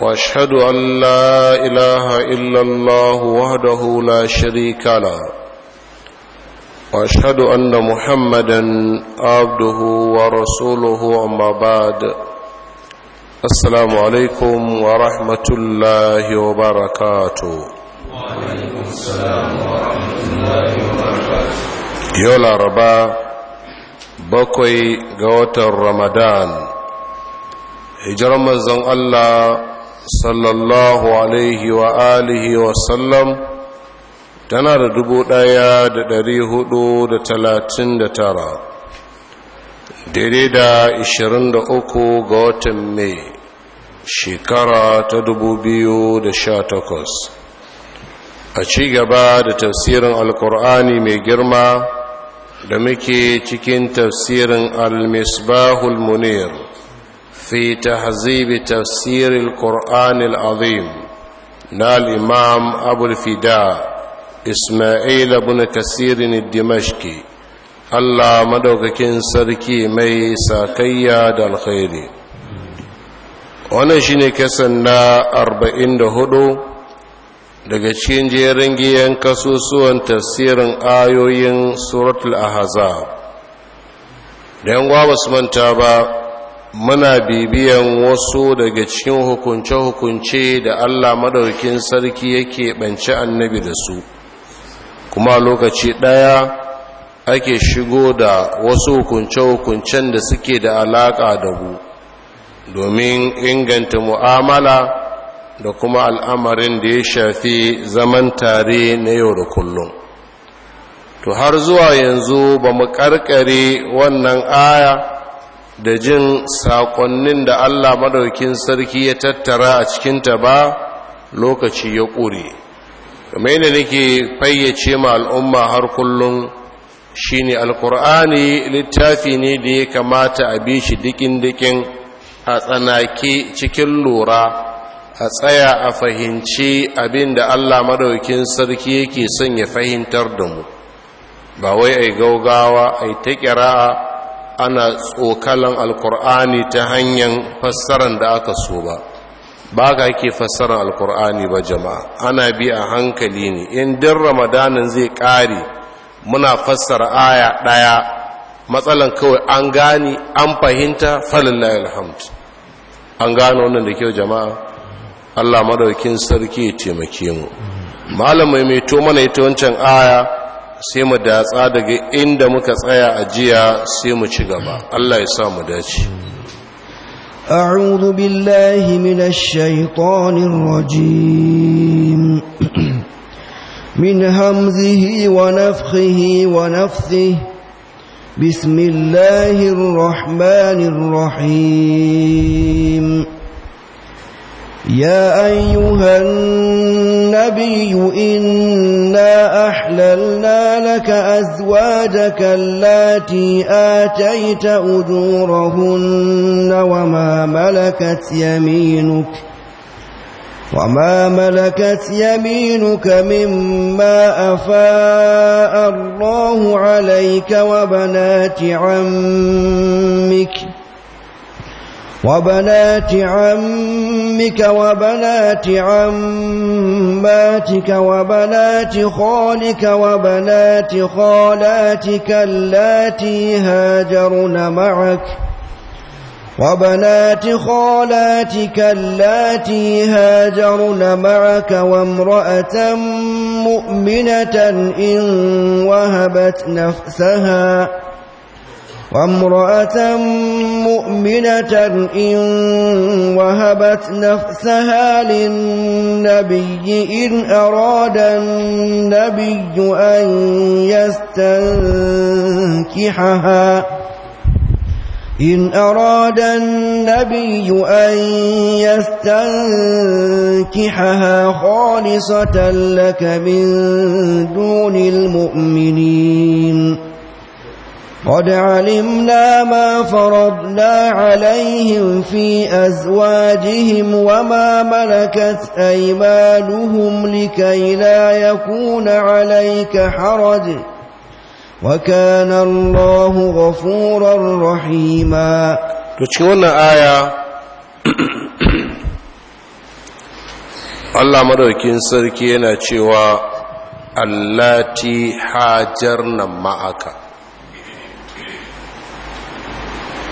واشهد ان لا اله الا الله وحده لا شريك له واشهد ان محمدا عبده ورسوله اما بعد السلام عليكم ورحمه الله وبركاته وعليكم السلام ورحمه الله وبركاته يولا ربا بكوي غوت رمضان hijirar manzon Allah sallallahu alaihi wa alihi wa sallam tana da dubu ɗaya da ɗari huɗu da talatin da tara daidai da ishirin da uku ga watan mai shekara ta dubu biyu da sha takwas a ci gaba da tafsirin Alƙur'ani mai girma da muke cikin tafsirin al-misbahul في تهذيب تفسير القرآن العظيم نال الإمام أبو الفداء إسماعيل بن كثير الدمشقي الله مدوككين سركي مي ساكيا دا الخير ونشيني كسنا أربعين دهدو daga cikin jerin giyan kasusuwan tafsirin ayoyin suratul ahzab da yan gwa manta ba muna bibiyan wasu daga cikin hukunce-hukunce da Allah madaukin sarki yake ɓance annabi da su kuma lokaci ɗaya ake shigo da wasu hukunce-hukuncen da suke da alaƙa da mu domin inganta mu'amala da kuma al'amarin da ya shafi zaman tare na yau da kullum to har zuwa yanzu ba mu ƙarƙare wannan aya da jin saƙonnin da Allah madaukin sarki ya tattara a cikinta ba lokaci ya ƙure kamar yadda nake fayyace ma al'umma har kullum shine alkur'ani littafi ne da ya kamata a bi shi dikin-dikin a tsanake cikin lura a tsaya a fahimci abin da Allah madaukin sarki yake son ya fahimtar da mu ba wai ai gaugawa ai ta ƙira'a ana tsokalan alkur'ani ta hanyar fassaran da aka so ba ba ga ke fassaran alkur'ani ba jama'a ana bi a hankali ne in din ramadanin zai ƙare muna fassara aya ɗaya matsalan kawai an gani an fahimta falillahi alhamdu an gano wannan da kyau jama'a Allah madaukin sarki ya taimake mu malamai mai to mana ita wancan aya sai mu datsa daga inda muka tsaya a jiya sai mu ci gaba Allah ya sa mu dace a'udhu mina minash rajim min hamzihi wa nafthihi wa nafthi bismillahir rahmanir rahim يا أيها النبي إنا أحللنا لك أزواجك التي آتيت أجورهن وما ملكت يمينك وما ملكت يمينك مما أفاء الله عليك وبنات عمك وبنات عمك وبنات عماتك وبنات خالك وبنات خالاتك اللاتي هاجرن معك وبنات خالاتك اللاتي هاجرن معك وامرأة مؤمنة إن وهبت نفسها وامرأة مؤمنة إن وهبت نفسها للنبي إن أراد النبي أن يستنكحها إن أراد النبي أن يستنكحها خالصة لك من دون المؤمنين قد علمنا ما فرضنا عليهم في أزواجهم وما ملكت أيمانهم لكي لا يكون عليك حرج وكان الله غفورا رحيما تشكون آية الله مدوكين سركينا شوى اللاتي حاجرنا معك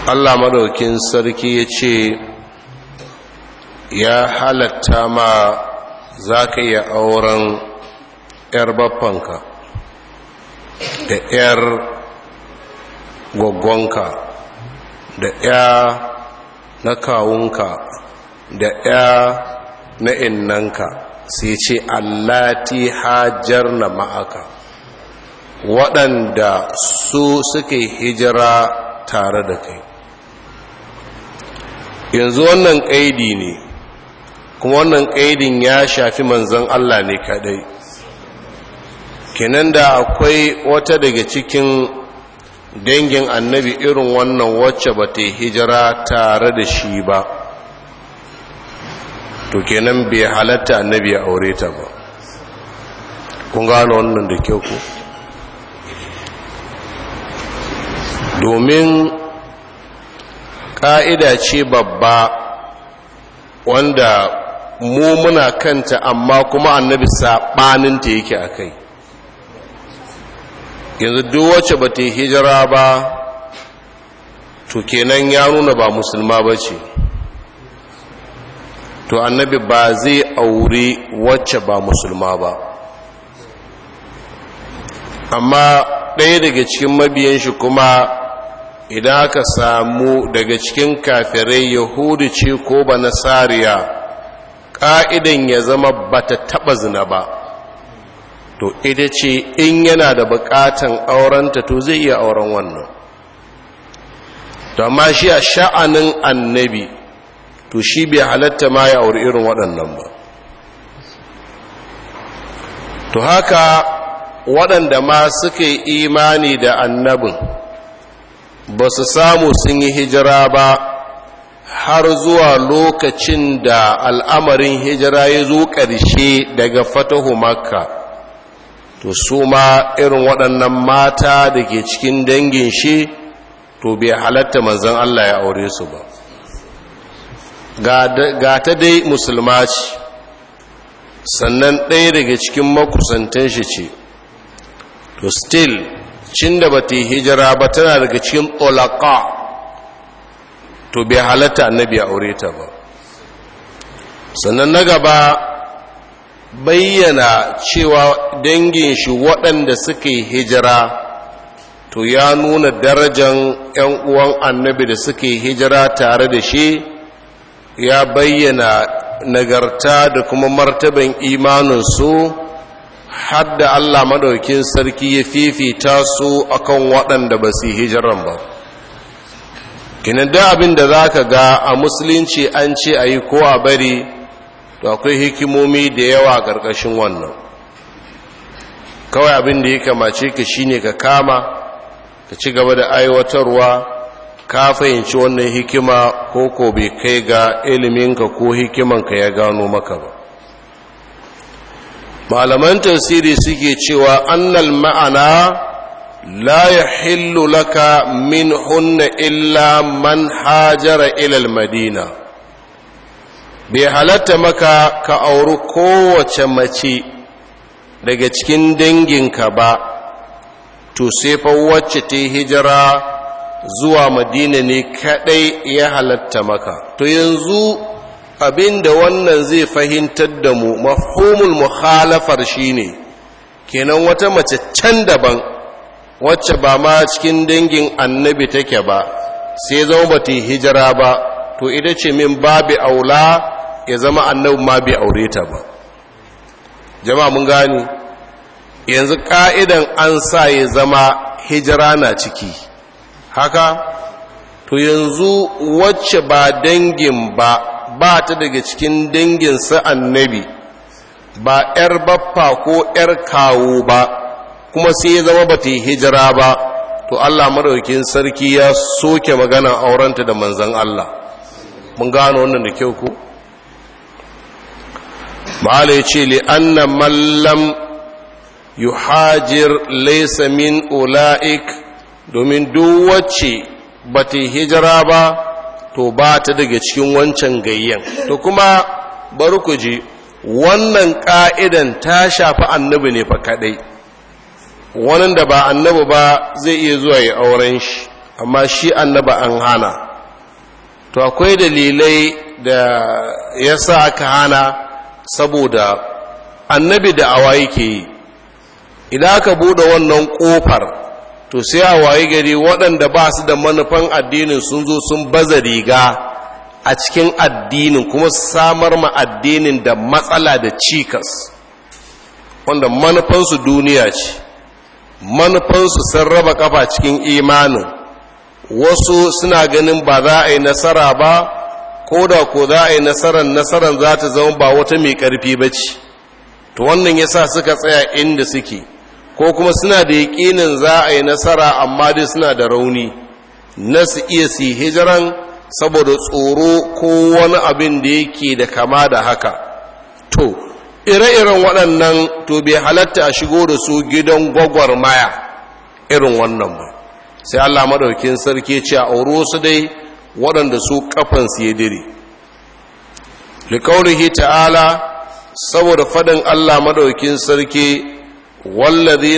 Allah madaukin sarki ya ce ya halatta ma za ka yi auren 'yar baffanka da 'yar gwaggonka da 'ya na kawunka da 'ya na innanka sai ce allati hajar na ma'aka waɗanda su suke hijira tare da kai yanzu wannan ƙaidi ne kuma wannan ƙaidin ya shafi manzan Allah ne kaɗai kenan da akwai wata daga cikin dangin annabi irin wannan wacce ba ta hijira tare da shi ba to kenan bai halatta annabi ya aure ta ba kun gano wannan da kyau ku domin ƙa'ida ce babba wanda mu muna kanta amma kuma annabi saɓaninta yake a kai yanzu duk wacce ba ta hijira ba to kenan ya nuna ba musulma ba ce to annabi ba zai aure wacce ba musulma ba amma ɗaya daga cikin mabiyan shi kuma idan aka samu daga cikin kafirai yahudu ce ko ba nasariya ƙa'idan ya zama ba ta taɓa zina ba to ita ce in yana da buƙatan aurenta to zai iya auren wannan to amma shi a sha'anin annabi to shi bai halatta ma ya auri irin waɗannan ba to haka waɗanda ma suka yi imani da annabin ba su samu sun yi hijira ba har zuwa lokacin da al'amarin hijira ya zo ƙarshe daga fatahu makka to su ma irin waɗannan mata da ke cikin dangin shi to bai halatta manzan Allah ya aure su ba ga ta dai musulma ce sannan ɗaya daga cikin makusantan shi ce to still cin da ba ta hijira ba tana daga cikin tsolaka to bai halatta annabi a aure ta ba sannan na gaba bayyana cewa dangin shi waɗanda suka yi hijira to ya nuna darajan 'yan uwan annabi da suka yi hijira tare da shi ya bayyana nagarta da kuma martaban imaninsu su hadda Allah madaukin sarki ya fifita su akan waɗanda ba su hijiran ba kinan abin da za ka ga a musulunci an ce a yi ko a bari to akwai hikimomi da yawa ƙarƙashin wannan kawai abin da ya kamace ka shine ka kama ka ci gaba da aiwatarwa ka fahimci wannan hikima ko ko bai kai ga iliminka ko hikimanka ya gano maka ba malaman tafsiri suke cewa annal ma'ana la yahillu laka min hunna illa man hajara ilal madina bai halatta maka ka auri kowace mace daga cikin danginka ba to sai fa wacce ta hijira zuwa madina ne kadai ya halatta maka to yanzu abinda wannan zai fahimtar da mu mafhumul mukhalafar shine kenan wata mace can daban wacce ba ma cikin dangin annabi take ba sai zama bata hijira ba to ita ce min babu aula ya zama annabi ma bai aure ta ba jama'a mun gani yanzu ka'idan an sa ya zama hijira na ciki haka to yanzu wacce ba dangin ba ba ta daga cikin dangin sa annabi ba 'yar baffa ko 'yar kawo ba kuma sai ya zama ba ta yi hijira ba to allah maraukin sarki ya soke magana aurenta da manzan allah mun gano wannan da kyau ko ma'ala ya ce li'anna mallam yuhajir laysa min ula'ik domin duk wacce ba ta hijira ba to ba ta daga cikin wancan gayyan to kuma bari ku ji wannan ka'idan ta shafi annabi ne fa kadai wannan da ba annabi ba zai iya zuwa ya auren shi amma shi annabi an hana to akwai dalilai da yasa aka hana saboda annabi da awa yake yi idan aka bude wannan kofar to sai a waye gari waɗanda ba su da manufan addinin sun zo sun baza riga a cikin addinin kuma samar ma addinin da matsala da cikas wanda manufansu duniya ce manufansu sun raba kafa cikin imanin wasu suna ganin ba za a yi nasara ba ko da ko za a yi nasarar nasarar za ta zama ba wata mai ƙarfi ba ce to wannan yasa suka tsaya inda suke ko kuma suna da yaƙinin za a yi nasara amma dai suna da rauni na su iya su hijiran saboda tsoro ko wani abin da yake da kama da haka to ire-iren waɗannan to bai halatta a shigo da su gidan gwagwarmaya irin wannan ba sai allah maɗaukin sarki ce a auro su dai waɗanda su su ya dire likaurihi ta'ala saboda faɗin allah maɗaukin sarki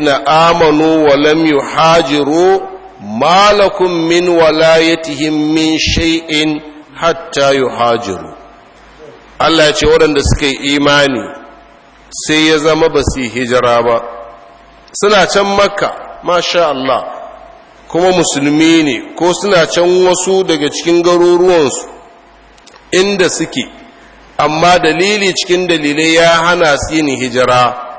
na amanu wa lam yuhajiru malakum min walayatihim min shay'in hatta yuhajiru Allah ya ce waɗanda suka yi imani sai ya zama ba su hijira ba suna can makka masha Allah kuma musulmi ne ko suna can wasu daga cikin garuruwansu inda suke amma dalili cikin dalilai ya hana su yin hijira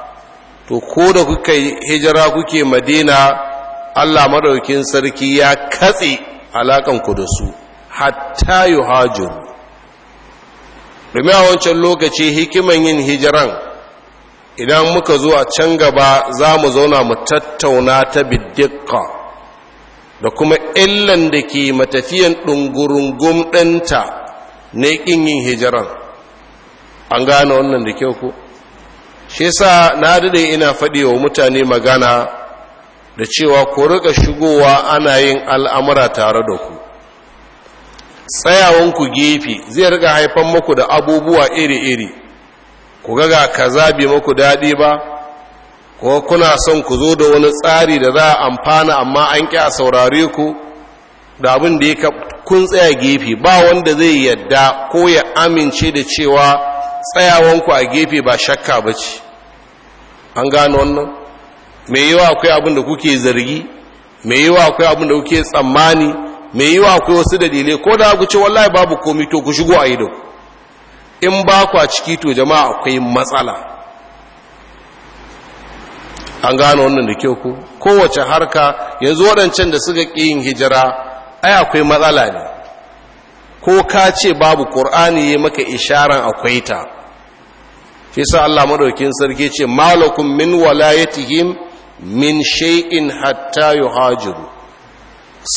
to ko da kuka hijira kuke madina allah maɗaukin sarki ya katse alaƙanku da su hatta yi hajjuru domin a wancan lokaci hikiman yin hijiran idan muka zo a can gaba za mu zauna mu tattauna ta biddikka da kuma illan da ke matafiyan ɗungurungun ɗanta na ƙin yin hijiran an gane wannan da kyau ko shi sa na dade ina faɗi wa mutane magana da cewa ku rika shigowa ana yin al'amura tare da ku tsayawanku gefe zai rika haifan muku da abubuwa iri-iri ku gaga kaza bi muku daɗi ba ko kuna son ku zo da wani tsari da za a amfana amma an ƙi a saurare ku da abin da ya kun tsaya gefe ba wanda zai yadda ko ya amince da cewa tsayawanku a gefe ba shakka ba ce an gano wannan mai yiwa akwai abin da kuke zargi mai yiwa akwai abin da kuke tsammani mai yiwa akwai wasu dalilai ko da ku ce wallahi babu komi to ku shigo a ido in ba ku a ciki to jama'a akwai matsala an gano wannan da kyau ku, kowace harka yanzu waɗancan da suka ƙi yin hijira ai akwai matsala ne ko ka ce babu ƙur'ani ya maka isharan akwai ta fi sa Allah maɗaukin sarki ce malakun min walayatihim min shay'in hatta yuhajiru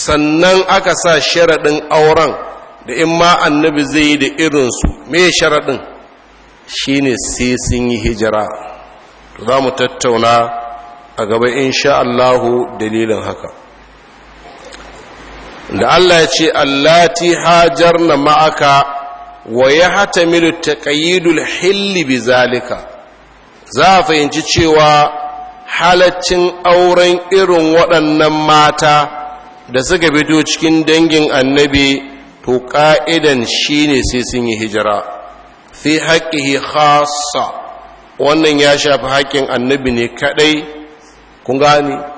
sannan aka sa sharaɗin auren da in ma annabi zai yi da irinsu mai sharaɗin shine sai sun yi hijira za mu tattauna a gaba insha Allahu dalilin haka da Allah ya ce hajar na ma'aka wa ya hata hatamilu taqayyidul hilli zalika za a fahimci cewa halaccin auren irin waɗannan mata da suka fito cikin dangin annabi to ka'idan shine sai sun yi hijira fi haƙihi khasa wannan ya shafi haƙƙin annabi ne kaɗai kun gane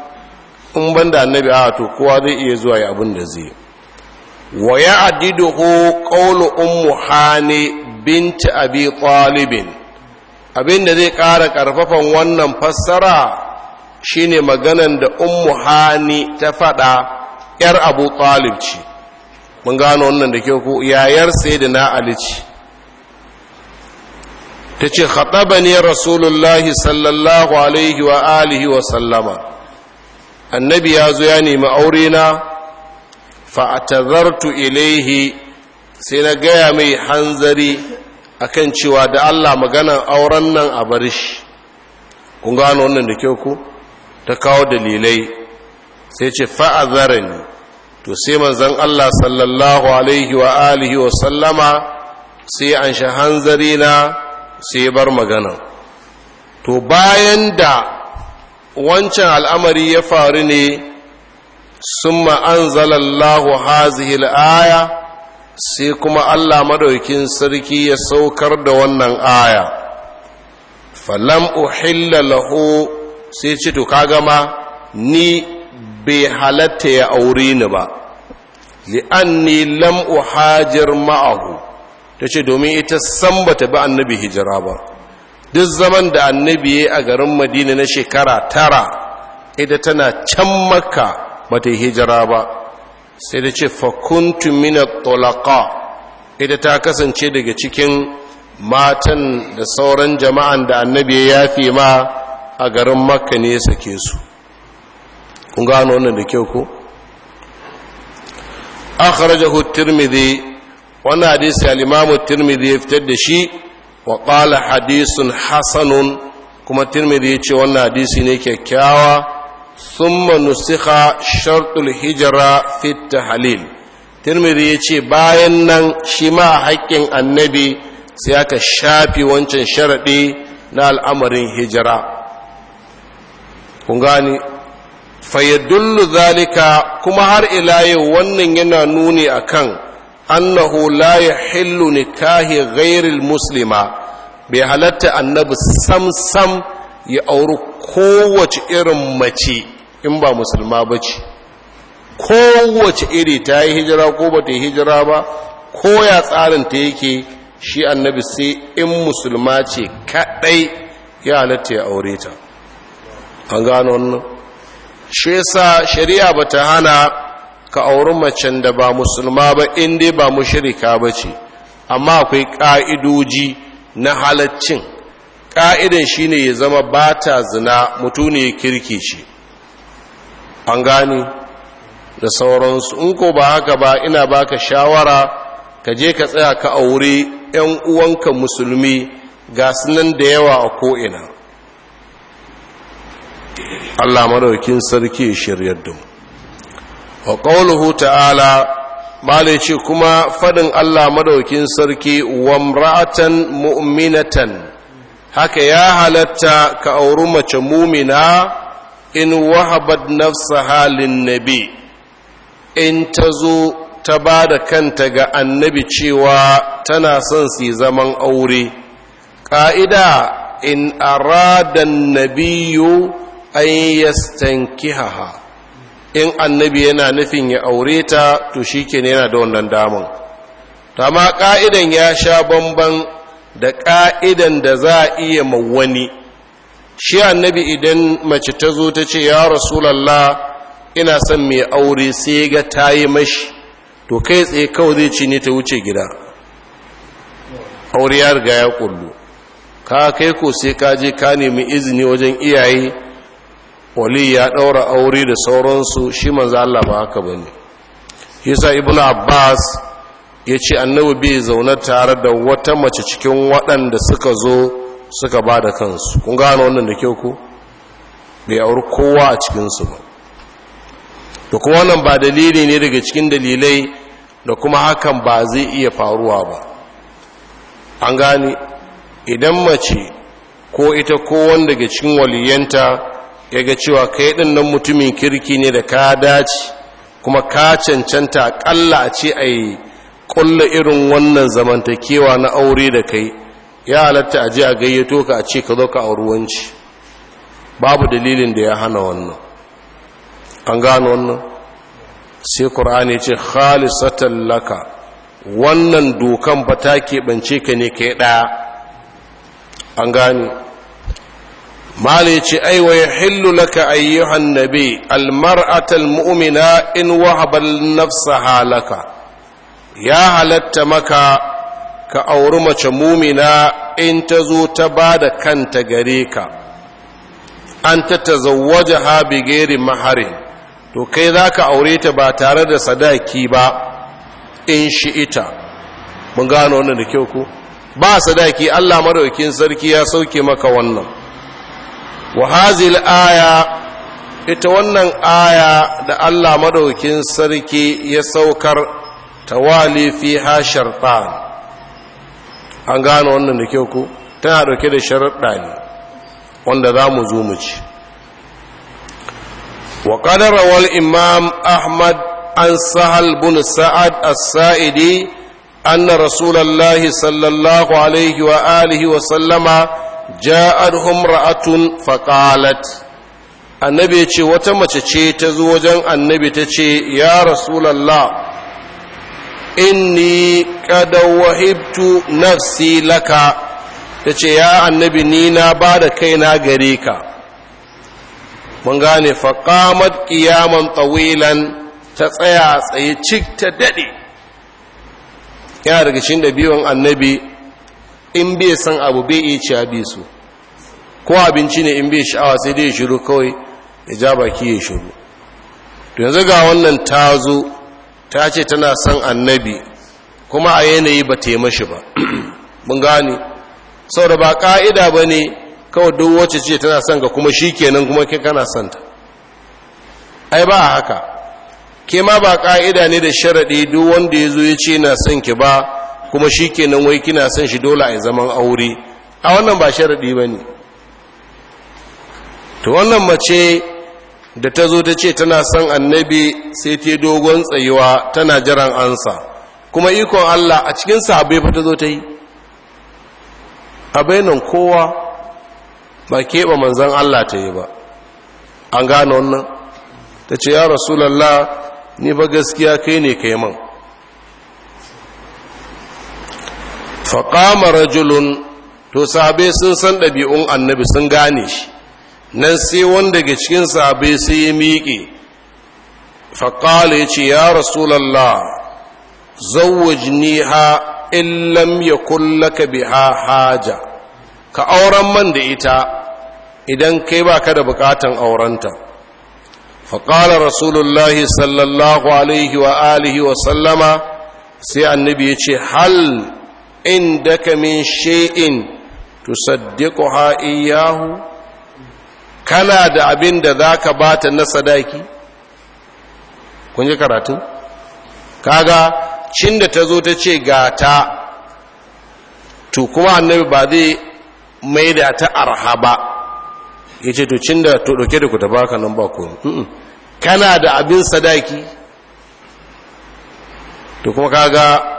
in banda annabi a to kowa zai iya zuwa ya abin da zai wa ya addidu qawlu ummu hani Binta abi talibin abin da zai ƙara ƙarfafan wannan fassara shine maganan da ummu hani ta faɗa yar abu talib ce mun gano wannan da ke ko yayar sayyidina ali ce ta ce khatabani rasulullahi sallallahu alaihi wa alihi wa sallama annabi ya zo ya nemi aure na fa'atazartu ilaihi sai na gaya mai hanzari akan cewa da Allah maganan auren nan a bari shi kun gano wannan da kyau ku ta kawo dalilai sai ce fa'azarani to sai manzon Allah sallallahu alaihi wa alihi wa sallama sai an sha hanzari na sai bar magana. to bayan da wancan al'amari ya faru ne ma’an zalallahu hazihil aya sai kuma Allah madaukin sarki ya saukar da wannan aya falam uhilla lahu sai ce to ka ma ni bai halatta ya aure ni ba li'anni lam uhajir ma'ahu ce domin ita san bata bi annabi hijira ba duk zaman da annabi ya a garin madina na shekara tara ita tana can maka mata hijira ba sai da ce fakuntu mina tolaka ita ta kasance daga cikin matan da sauran jama'an da annabi ya yafi ma a garin makka ne ya sake su kun gano wannan da kyau ko akhrajahu tirmidhi wannan hadisi al-imam tirmidhi ya fitar da shi wa hadisin hadisun hasanun kuma ya ce wannan hadisi ne kyakkyawa thumma nusikha shartul hijra halil, tahlil ya yace bayan nan shi ma haƙƙin annabi sai aka shafi wancan sharaɗi na al'amarin hijira kun gani fayyadullu zalika kuma har ila yau wannan yana nuni akan annahu la yahillu nikahi ghairil muslima bai halarta annabi sam sam ya auri kowace irin mace in ba musulma ba ce kowace iri ta yi hijira ko ba yi hijira ba ko ya tsarin ta yake shi annabi sai in musulma ce kadai ya halatta ya aure ta an gano wannan shi shari'a bata hana ka auri macen da ba musulma ba in dai ba mushrika ba ce amma akwai ƙa'idoji na halaccin ƙa'idan shi ne ya zama ba ta zina mutune kirki shi. an gani da sauransu in ko ba haka ba ina baka shawara ka je ka tsaya ka auri 'yan uwanka musulmi ga sunan da yawa a ko'ina Allah maraukin sarki shiryar domin wa qawluhu ta'ala mala ce kuma faɗin Allah madaukin sarki wa mra'atan mu'minatan haka ya halatta ka auri mace mumina in wahabat halin nabi in ta zo ta ba da kanta ga annabi cewa tana son su zaman aure ƙa'ida in aradan nabiyu an yastankihaha in annabi yana nufin ya aure ta to shi yana da wannan daman ta ma ƙa'idan ya sha bamban da ƙa'idan da za a iya mawani shi annabi idan mace ta zo ta ce ya rasulallah ina son mai aure sai ga ta yi mashi to kai tsaye kawai zai ci ne ta wuce gida aure ya riga ya kullu ka kai ko sai ka je ka nemi izini wajen iyaye wali ya ɗaura aure da sauransu shi manzo Allah ba haka ba ne yasa ibn abbas ya ce annabi bai zauna tare da wata mace cikin waɗanda suka zo suka ba da kansu kun gano wannan da kyau ko bai auri kowa a cikinsu ba da kuma wannan ba dalili ne daga cikin dalilai da kuma hakan ba zai iya faruwa ba an gane idan mace ko ita ko wanda daga cikin waliyanta ya ga cewa kai ɗin nan mutumin kirki ne da ka dace kuma ka cancanta ƙalla a ce a yi ƙulla irin wannan zamantakewa na aure da kai ya halatta a je a gayyato ka a ce ka zo ka auruwanci babu dalilin da ya hana wannan an gano wannan sai ƙur'ani ce khalisatan laka wannan dokan ba ta keɓance ka ne kai ɗaya an gane mala ya ce ai wai hillu laka ayyuhan nabi almar'atal mu'mina in wahabal nafsa halaka ya halatta maka ka auri mace mumina in ta zo ta ba da kanta gare ka an ta tazawwaja ha bigeri to kai za ka aure ta ba tare da sadaki ba in shi ita mun gano wannan da kyau ku ba sadaki allah maraukin sarki ya sauke maka wannan wa hazil aya ita wannan aya da Allah madaukin sarki ya saukar tawali fi ha sharfan an gano wannan da kyau ku tana dauke da sharaɗa ne wanda za mu zo mu ci wa qadara wal imam ahmad an sahal bin sa'ad as-sa'idi anna rasulullahi sallallahu alaihi wa alihi wa sallama ja'adhum ra'atun faqalat annabi ce wata mace ce ta zo wajen annabi ta ce ya rasulullah inni qad wahibtu nafsi laka ta ce ya annabi ni na ba da kaina gare ka mun gane faqamat qiyaman tawilan ta tsaya tsaye cik ta dade yana daga cikin dabiwan annabi in bai san abu bai iya ciya bai su ko abinci ne in bai sha'awa sai dai ya shiru kawai ya ja baki ya shiru to yanzu ga wannan ta zo ta ce tana son annabi kuma a yanayi ba ta yi mashi ba mun gane sau da ba ka'ida ba ne kawai duk wacce ce tana son ga kuma shi kenan kuma ke kana son ta ai ba haka ke ba ka'ida ne da sharaɗi duk wanda ya zo ya ce na son ki ba kuma shi kenan wai kina son shi dole a zaman aure a wannan ba sharaɗi ba ne ta wannan mace da ta zo ta ce tana son annabi sai ta dogon tsayuwa tana jiran ansa kuma ikon allah a cikin abai fa ta zo ta yi a bainan kowa ba keɓe manzan allah ta yi ba an gane wannan ta ce ya rasulallah ni ba gaskiya kai ne kai man faƙama rajulun to sahabai sun san ɗabi'un annabi sun gane shi nan sai wanda daga cikin sahabai sai ya miƙe faƙala ya ce ya rasulallah zawwajni ha in lam ka bi ha haja ka auren man da ita idan kai baka da bukatan aurenta faƙala rasulullahi sallallahu alaihi wa wa sallama sai annabi ya ce hal indaka min shay'in tusaddiquha iyyahu kana da abin da zaka bata na sadaki kun ji karatu kaga cin da ta zo ta ce ga ta to kuma annabi ba zai mai ta arha ba ya to cin da to ɗauke da ku ta baka nan ba ku kana da abin sadaki to kuma kaga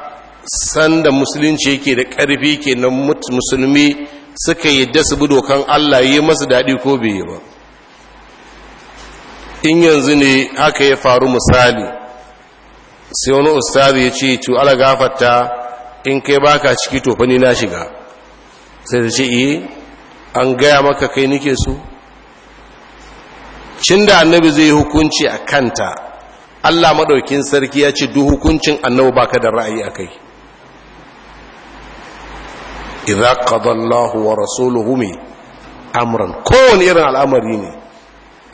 sanda musulunci yake da ƙarfi ke nan musulmi suka yi da su bi dokan Allah yi masu daɗi ko bai ba in yanzu ne haka ya faru misali sai wani ustazi ya ce to ala gafarta in kai baka ciki to fani na shiga sai ta ce yi eh, an gaya maka kai nike so cin da annabi zai hukunci a kanta Allah maɗaukin sarki ya ce duk hukuncin annabi baka da ra'ayi a kai idza qada Allah wa rasuluhu mi amran Ko wani irin al'amari ne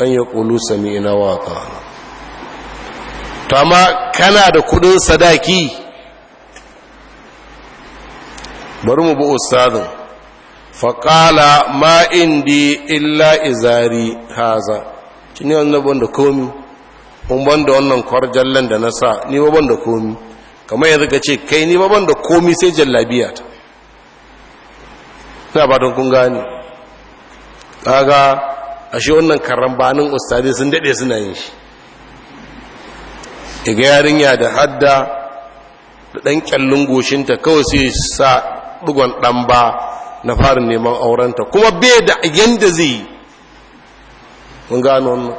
an ya qulu sami'na wa ta'ala to amma kana da kudin sadaki bari mu bi ustadin faƙala ma indi illa izari haza kini wannan ban da komi kun ban da wannan kwar jallan da na sa ni ba ban da komi kamar yanzu ka ce kai ni ban da komi sai jallabiya ta na ba don kun gani kaga ashe wannan karan banin ustadi sun daɗe suna yin shi iga yarinya da hadda da ɗan kyallin goshinta kawai sai sa ɗugon ɗan ba na farin neman aurenta kuma bai da yadda zai mun gano wannan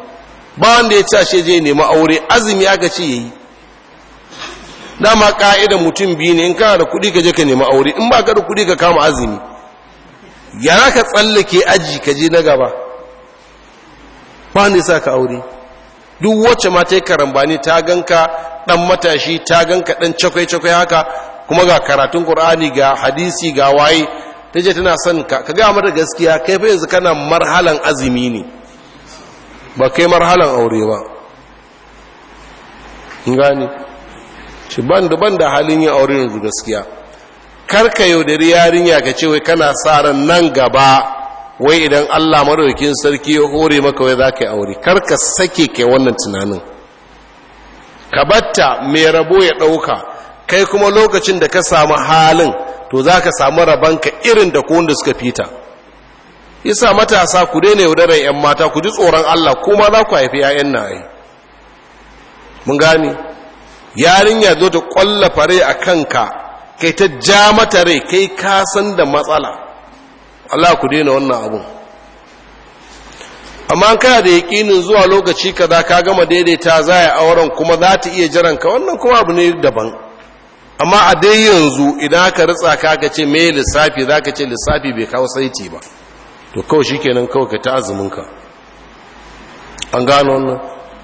ba wanda ya ci ashe je nema aure azumi aka ce yayi dama ka'ida mutum biyu ne in kana da kuɗi ka je ka nema aure in ba ka da kuɗi ka kama azumi gyara ka tsallake aji ka je na gaba ba ne sa ka aure duk wacce ma ta yi karambani ta ganka dan matashi ta ganka dan cakwai-cakwai haka kuma ga karatun qur'ani ga hadisi ga waye ta je tana son ka ka gaya mata gaskiya kai fa yanzu kana marhalan azumi ne ba kai marhalan aure ba gani shi ban da ban da halin yin aure yanzu gaskiya karka yaudari yarinya ka ce wai kana sa ran nan gaba wai idan Allah madaukakin sarki ya hore maka wai za ka yi aure karka sake kai wannan tunanin ka batta mai rabo ya ɗauka kai kuma lokacin da ka samu halin to za ka samu ka irin da ko suka fita isa matasa ku daina yaudarar 'yan mata ku ji tsoron Allah kuma za ku haifi 'ya'yan na ai mun gani. yarinya zo ta kwalla fare a kanka kai ta ja mata rai kai kasan da matsala Allah ku daina wannan abun amma kana da yakinin zuwa lokaci kaza ka gama daidaita za a auren kuma za ta iya jiran ka wannan kuma abu ne daban amma a dai yanzu idan ka ritsa ka ka ce me lissafi za ka ce lissafi bai kawo saiti ba to kawai shi kenan kawai ka ta azumin an gano wannan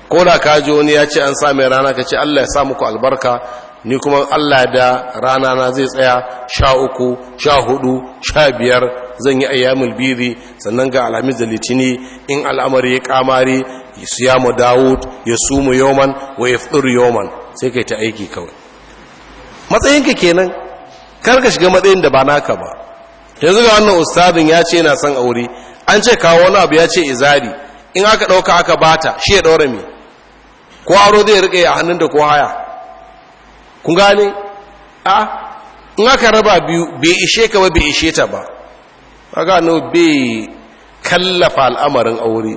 ko da ka ji wani ya ce an sa mai rana ka ce allah ya sa muku albarka ni kuma Allah da rana na zai tsaya sha uku sha hudu sha biyar zan yi ayyamul biri sannan ga alamin da litini in al'amari ya kamari su ya mu dawud ya su yoman wa ya yoman sai kai ta aiki kawai matsayinka kenan karka shiga matsayin da ba naka ba yanzu ga wannan ustadin ya ce yana son aure an ce kawo wani abu ya ce izari in aka ɗauka aka bata shi ya ɗaura me ko aro zai riƙe a hannun da ko haya kun gane a in aka raba biyu bai ishe ka ba bai ishe ta ba a gano bai kallafa al'amarin aure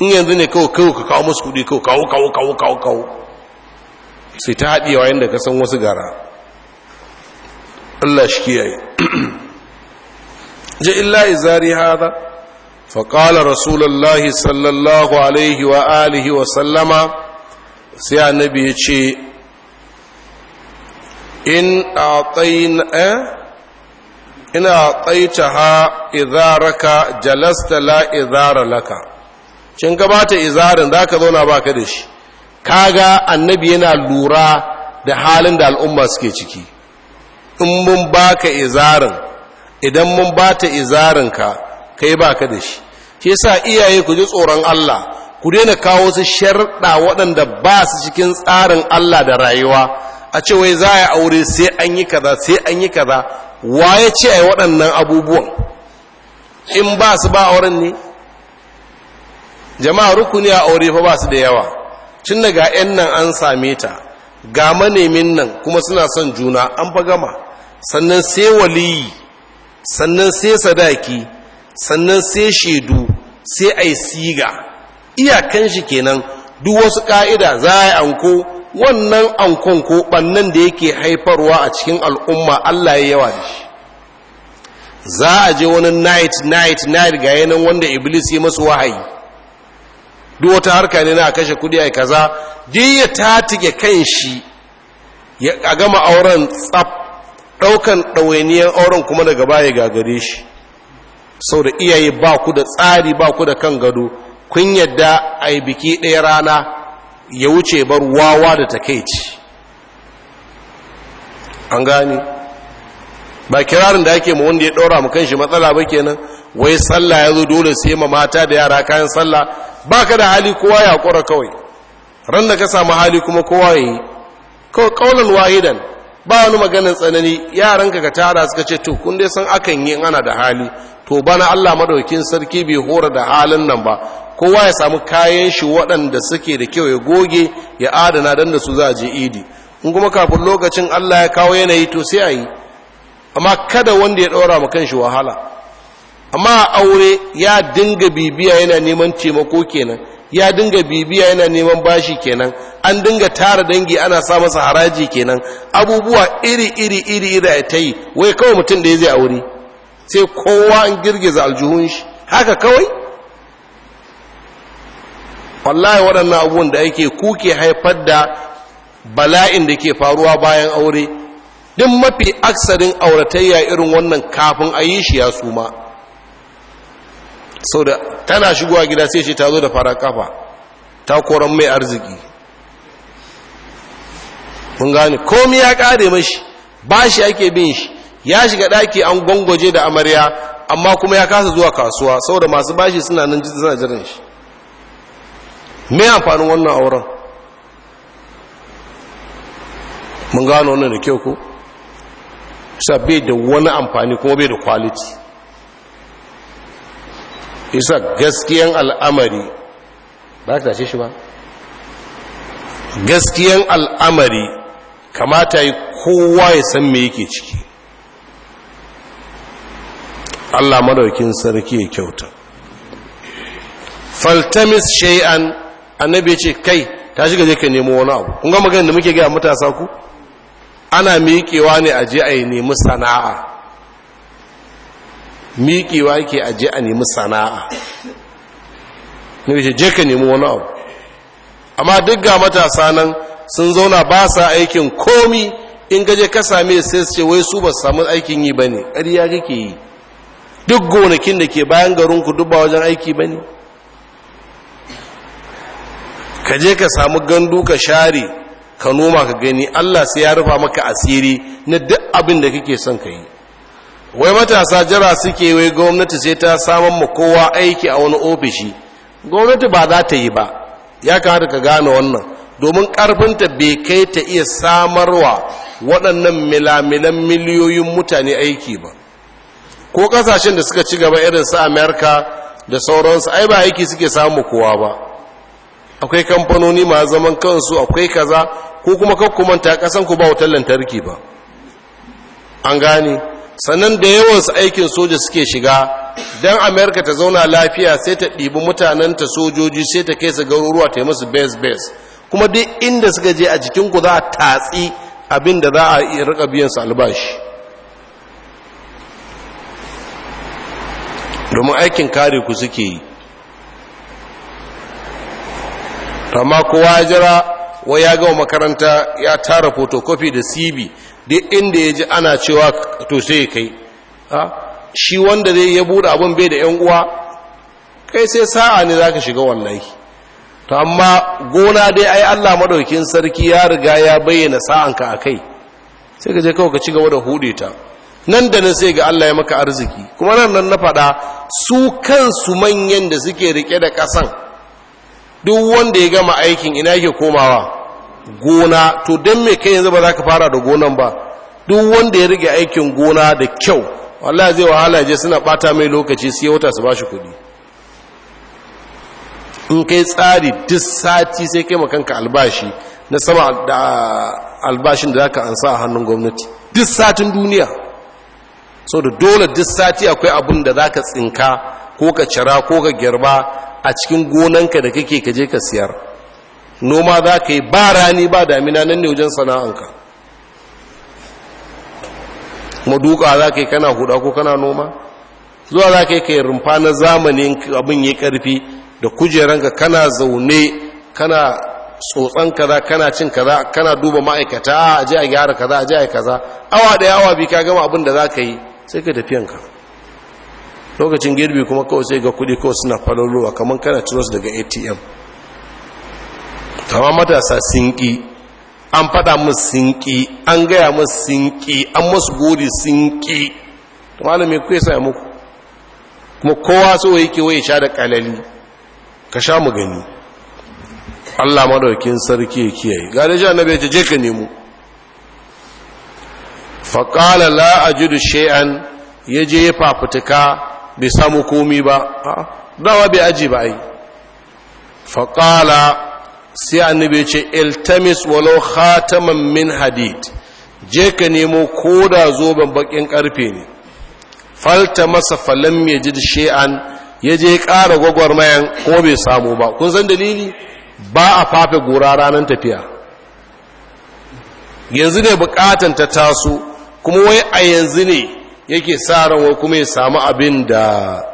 in yanzu ne kawo kawo ka kawo masu kudi kawo kawo kawo kawo kawo kawo sai ta haɗewa yadda ka san wasu gara Allah shi kiyaye ji illa izari hada faƙalar rasulallahi sallallahu alaihi wa alihi wa sallama sai annabi ya ce in a ina tsaita ha jalasta la izara laka cin gabata izarin za ka zauna ba ka da shi kaga annabi yana lura da halin da al'umma suke ciki in mun baka izarin idan mun bata izarinka kai baka da shi Ke sa iyaye ku ji tsoron Allah ku daina kawo su sharɗa waɗanda ba su cikin tsarin Allah da rayuwa a ce wai za a yi aure sai an yi kaza sai an yi kaza waye ce a yi waɗannan abubuwan in ba su ba auren ne jama'a rukuni a aure fa ba su da yawa tun daga 'yan nan an same ta ga manemin nan kuma suna son juna an fa gama sannan sai waliyi sannan sai sadaki sannan sai shaidu sai a siga iyakan shi kenan duk wasu ka'ida za a yi anko wannan ankon ko bannan da yake haifarwa a cikin al'umma Allah ya yawa da shi za a je wani night night night ga yanan wanda iblis ya masu wahayi duk wata harka ne na kashe kudi yi kaza duk ta tatike kan shi ya a gama auren tsaf daukan ɗawainiyar auren kuma daga baya gagare shi sau da iyaye ba ku da tsari ba ku da kan gado kun yadda a yi biki ɗaya rana ya wuce bar wawa da takeici an gane ba kirarin da ake ma wanda ya ɗora mu shi matsala ba kenan wai sallah ya zo dole sai ma mata da yara kayan sallah ba ka da hali kowa ya kora kawai ran da ka samu hali kuma kowa ya yi kaulan wahidan ba wani maganin tsanani yaran ka tara suka ce to kun dai san akan yi ana da hali to bana Allah madaukin sarki bai hora da halin nan ba kowa ya samu kayan shi waɗanda suke da kyau ya goge ya adana don da su za a je idi in kuma kafin lokacin allah ya kawo yanayi to sai a yi amma kada wanda ya ɗaura ma kanshi wahala amma aure ya dinga bibiya yana neman taimako kenan ya dinga bibiya yana neman bashi kenan an dinga tara dangi ana sa masa haraji kenan abubuwa iri iri iri iri a ta yi wai kawai mutum da ya zai aure sai kowa an girgiza aljuhun shi haka kawai wallahi waɗannan abubuwan da yake kuke haifar da bala'in da ke faruwa bayan aure duk mafi aksarin auratayya irin wannan kafin a yi shi ya suma sau da tana shigowa gida sai ce ta zo da fara kafa ta koran mai arziki mun gane komi ya kare mashi ba shi ake bin shi ya shiga ɗaki an gwangwaje da amarya amma kuma ya kasa zuwa kasuwa saboda masu bashi suna nan suna shi me amfanin wannan auren mun gano wannan da kyau ko isa bai da wani amfani kuma bai da kwaliti isa gaskiyan al'amari ba ka tashe shi ba gaskiyan al'amari kamata yi kowa ya san me yake ciki Allah madaukin sarki ya kyauta faltamis shay'an annabi ya ce kai ta shiga zai ka nemo wani abu kun ga maganin da muke gaya matasa ku ana miƙewa ne a je a yi nemi sana'a miƙewa yake a je a nemi sana'a ne ce je ka nemi wani abu amma duk ga matasa nan sun zauna ba sa aikin komi in gaje ka same sai su ce wai su ba samu aikin yi ba ne ƙarya kake yi duk gonakin da ke bayan garinku duk ba wajen aiki ba ne ka je ka samu gandu ka share ka noma ka gani Allah sai ya rufa maka asiri na duk abin da kake son ka yi wai matasa jira suke wai gwamnati sai ta samun ma kowa aiki a wani ofishi gwamnati ba za ta yi ba ya kamata ka gane wannan domin karfinta bai kai ta iya samarwa waɗannan milamilan miliyoyin mutane aiki ba ko ƙasashen da suka ci gaba irin su amerika da sauransu ai ba aiki suke samu kowa ba akwai kamfanoni ma zaman kansu akwai kaza ko kuma kakkumanta kasan ku ba wutar lantarki ba an gane sannan da yawansu aikin soja suke shiga don amerika ta zauna lafiya sai ta ɗibi mutanenta sojoji sai ta kai su garuruwa ta yi musu base base kuma duk inda suka je a jikin ku za a tatsi abin da za a rika biyan su albashi domin aikin kare ku suke yi amma kowa ya jira wai ya gama makaranta ya tara photocopy da cv duk inda ya ji ana cewa to sai kai shi wanda zai ya buɗe abin bai da 'yan uwa kai sai sa'a ne zaka shiga wallahi to amma gona dai ai allah madaukin sarki ya riga ya bayyana sa'anka a kai sai ka je kawai ka ci gaba da hude ta nan da nan sai ga Allah ya maka arziki kuma nan nan na faɗa su kansu manyan da suke rike da ƙasan duk wanda ya gama aikin ina yake komawa gona to don mai kai yanzu ba za ka fara da gonan ba duk wanda ya rage aikin gona da kyau wallahi zai wahala je suna bata mai lokaci sai wata su ba shi kuɗi in kai tsari duk sati sai kai makanka albashi na sama da albashin da za ka ansa a hannun gwamnati duk satin duniya so da dole duk sati akwai abin da za ka tsinka ko ka cira ko ka girba a cikin gonanka da kake kaje ka siyar noma za ka yi ba rani ba damina nan ne wajen sana'anka maduka za ka yi kana huda ko kana noma zuwa za ka yi ka yi rumfa na zamanin abin ya karfi da kujeranka kana zaune kana tsotson kaza kana cin kaza kana duba ma'aikata a je a gyara kaza a a yi kaza awa daya awa bi ka gama abin da za ka yi sai ka tafiyanka lokacin girbi kuma kawai sai ga kudi kawai suna falolowa kamar kana ciro daga atm kama matasa sinki an fada musu sinki an gaya musu sinki an musu gori sinki. malami ku ya sa muku kuma kowa so ke waye sha da kalali ka sha mu gani Allah madaukin sarki ya kiyaye ga da annabi ya je ka nemo la a la she'an ya yaje ya fafutuka bai samu komi ba dawa bai aji ba ai faƙala sai annabi ce iltamis walau khataman min hadid je ka nemo ko da zoben bakin karfe ne falta masa falam ya ji she'an ya je ƙara gwagwarmayan ko bai samu ba kun san dalili ba a fafe gora ranar tafiya yanzu ne bukatan ta taso kuma wai a yanzu ne yake sa ran wa kuma ya samu abin da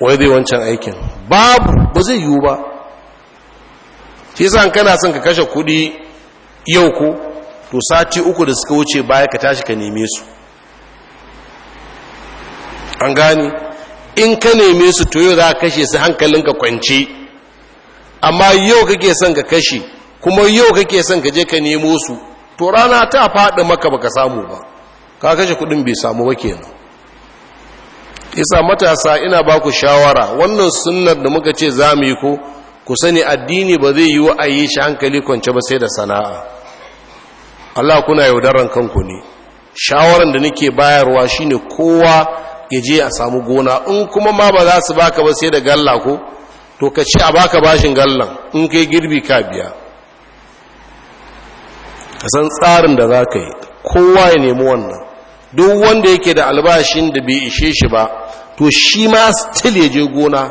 wai zai wancan aikin babu ba zai yiwu ba shi sa kana son ka kashe kuɗi yau ko to sati uku da suka wuce baya ka tashi ka neme su an gani in ka neme su to yau za ka kashe su hankalinka kwance amma yau kake son ka kashe kuma yau kake son ka je ka nemo su to rana ta faɗi maka baka samu ba ka kashe kudin bai samu ba kenan isa matasa ina ba ku shawara wannan sunnar da muka ce za mu yi ko ku sani addini ba zai yi wa a yi shi hankali kwance ba sai da sana'a Allah kuna yaudaran kanku ne shawaran da nake bayarwa shine kowa ya je a samu gona in kuma ma ba za su baka ba sai da galla ko to ka ci a baka bashin gallan in kai girbi ka biya ka san tsarin da za ka yi kowa ya nemi wannan duk wanda yake da albashin da bai ishe shi ba to shi ma still ya je gona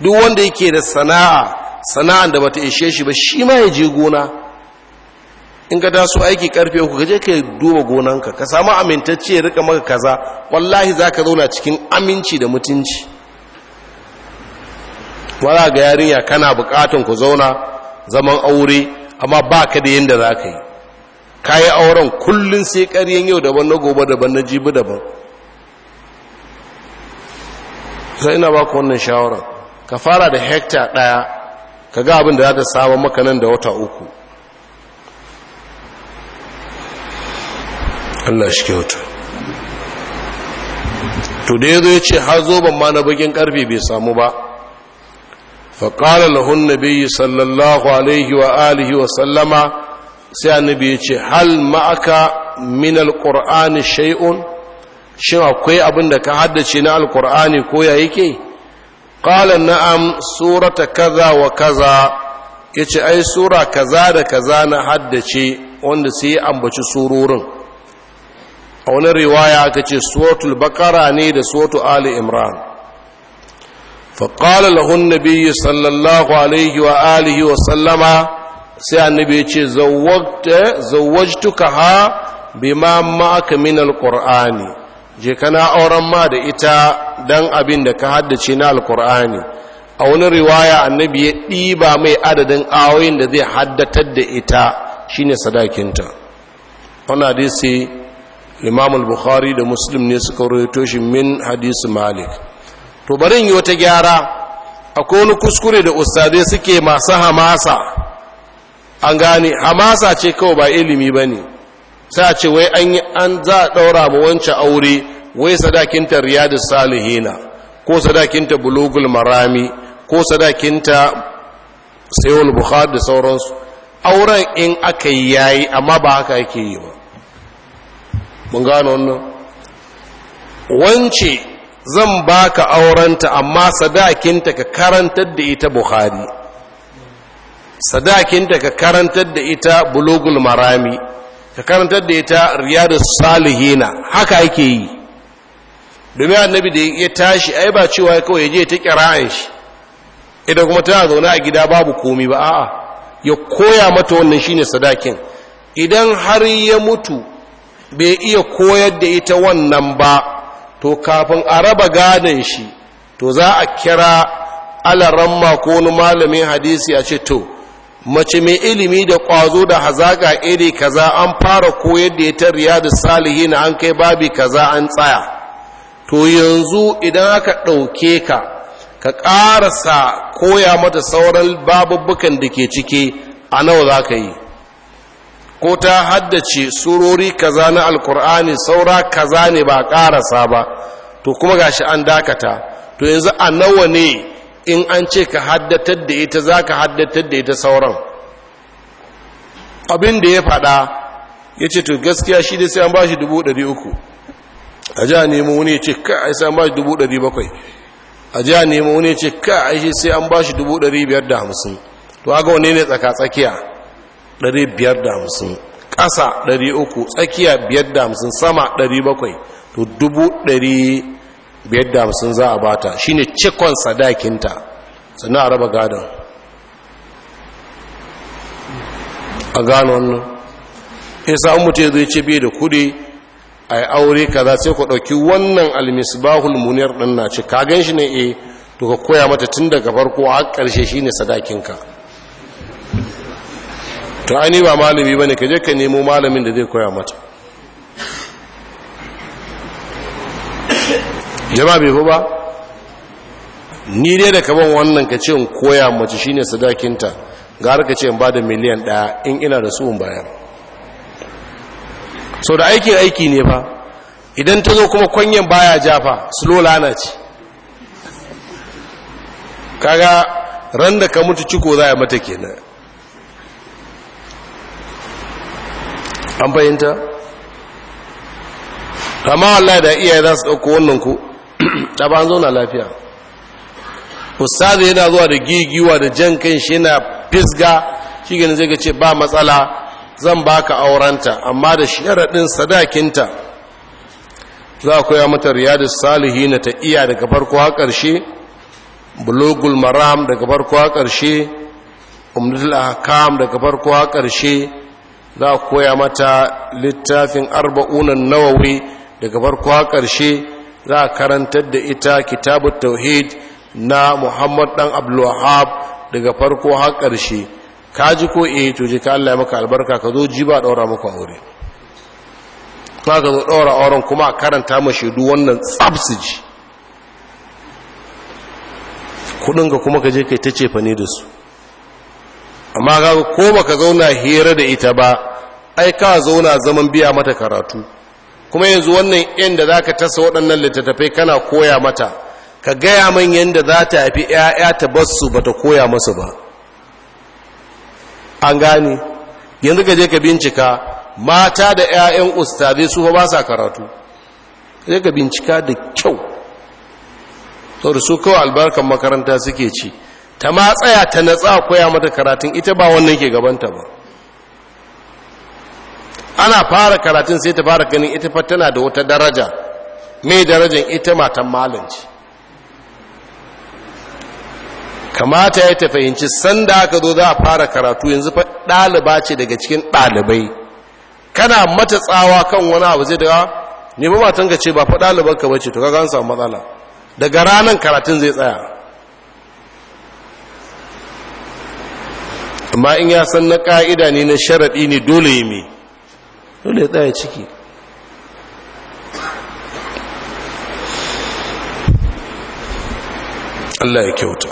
duk wanda yake da sana'a sana'an da bata ishe shi ba shi ma ya je gona in ka taso aiki karfe uku ka je ka duba gonanka ka samu amintacce ya rika maka kaza wallahi za ka zauna cikin aminci da mutunci wala ga yarinya kana bukatan ku zauna zaman aure amma ba ka da yadda za ka yi kayi auren kullum sai ƙaryen yau daban na gobe daban na jibi daban sai ina baka wannan shawarar ka fara da hekta ɗaya ka ga abin da za ta sabon maka nan da wata uku Allah shi kyauta to da ya zo ya ce har zoban ma na bagin ƙarfe bai samu ba فقال nabi sallallahu alaihi wa alihi wa sallama. sai annabi ya ce hal ma'aka min alqur'ani shay'un shin akwai abin da ka haddace na alqur'ani ko ya yake qala na'am surata kaza wa kaza yace ai sura kaza da kaza na haddace wanda sai ambaci surorin a wani riwaya aka ce suratul baqara ne da suratul ali imran an له sallallahu alaihi wa alihi wa sallama sai annabi ya ce zawajtuka ha ma ma'aka min alqur'ani je kana auren ma da ita dan abin da ka haddace na alqur'ani a wani riwaya annabi ya ɗiba mai adadin awoyin da zai haddatar da ita shine sadakinta wannan hadisi imam al-bukhari da muslim ne suka rawaito shi min hadisi malik to bari yi wata gyara akwai wani kuskure da ustade suke masu hamasa an gane hamasa ce kawai ba ilimi ba ne sai a ce wai an yi an za a ɗaura ma wancan aure wai sadakinta riyadu salihina ko sadakinta bulugul marami ko sadakinta sayowar bukhari da sauransu auren in aka yi yayi amma ba haka yake yi ba mun gano wannan wance zan baka aurenta amma sadakinta ka karantar da ita bukhari sadakinta ka karantar da ita bulogul marami ka karantar da ita riyadu salihina haka ake yi domin annabi da ya tashi ai ba cewa kawai ya je ta kira'an shi Idan kuma tana zaune a gida babu komi ba a'a ya koya mata wannan shine sadakin idan har ya mutu bai iya koyar da ita wannan ba to kafin a raba gadon shi to za a kira alaramma ko wani malamin hadisi a ce to mace mai ilimi da ƙwazo da hazaƙa iri kaza an fara koyar da ita da salihi na an kai babi kaza an tsaya to yanzu idan aka ɗauke ka ka ƙarasa koya mata sauran babubbukan da ke ciki a nawa za ka yi ko ta haddace surori kaza na alkur'ani saura kaza ne ba ƙarasa ba to kuma gashi an dakata to yanzu a nawa ne in an ce ka haddatar da ita za ka haddatar da ita sauran abin da ya fada ya ce to gaskiya shi da sai an ba shi uku. a ja nemo wani ya ce ka a sai an ba shi bakwai. a ja nemo wani ya ce ka a shi sai an ba shi hamsin. to aga wane ne tsaka-tsakiya hamsin, ƙasa uku, tsakiya hamsin, sama bakwai, to ɗari. biyar da hamsin za a bata shine cikon sadakinta sannan a raba gadon a gano wannan isa an mutu zai ce biyar da kudi a yi aure kaza sai ku ɗauki wannan almisbahul muniyar ɗan na ce kagan shi ne e to ka koya mata tun daga farko a ƙarshe shine sadakinka to ai ba malami ba ne ka je ka nemo malamin da zai koya mata jama'a bai fi ba ni dai da kaban wannan ka ce in koya mace shine sadakinta gara ka ce in bada miliyan ɗaya in ina da su in bayar sau da aikin aiki ne ba idan ta zo kuma kwanyen baya jafa slow lana ce kaga ran da ka mutu ciko za a mata kenan an fahimta amma Allah da iyaye za su ɗauko wannan ku ta ba zo zauna lafiya ustazi yana zuwa da gigiwa da jan kan shi yana fisga shi gani zai gace ba matsala zan baka aurenta amma da sharaɗin sadakinta za a koya mata riyadu salihi na ta iya daga farko a ƙarshe bulogul maram daga farko a ƙarshe umdul ahkam daga farko a ƙarshe za a koya mata littafin arba'unan nawawi daga farko a ƙarshe za a karantar da ita kitabu tauhid na muhammad dan abdulwahab daga farko har ƙarshe ka ji ko eh to ji ka Allah ya maka albarka ka zo ji ba daura maka aure ka ga daura auren kuma a karanta mu shedu wannan tsabsiji kudin ka kuma ka je kai ta cefa ne da su amma ga ko baka zauna hira da ita ba ai ka zauna zaman biya mata karatu kuma yanzu wannan yan za ka tasa waɗannan littattafai kana koya mata ka gaya man yadda za ta haifi 'ya'ya ta basu ba ta koya masu ba an gane yanzu ka je ka bincika mata da 'ya'yan ustazai su ba sa karatu ka je ka bincika da kyau da su kawai albarkar makaranta suke ci ta ma tsaya ta natsa koya mata karatun ita ba wannan ke gabanta ba ana fara karatun sai ta fara ganin ita fa tana da wata daraja mai darajar ita matan malam kamata ya ta fahimci sanda aka zo za a fara karatu yanzu fa ɗaliba ce daga cikin ɗalibai kana mata tsawa kan wani abu zai daga nemi matan ka ce ba fa ɗaliban ka bace to kaga an samu matsala daga ranar karatun zai tsaya amma in ya san na ƙa'ida ne na sharaɗi ne dole yi mai dole ya tsaya ciki Allah ya kyauta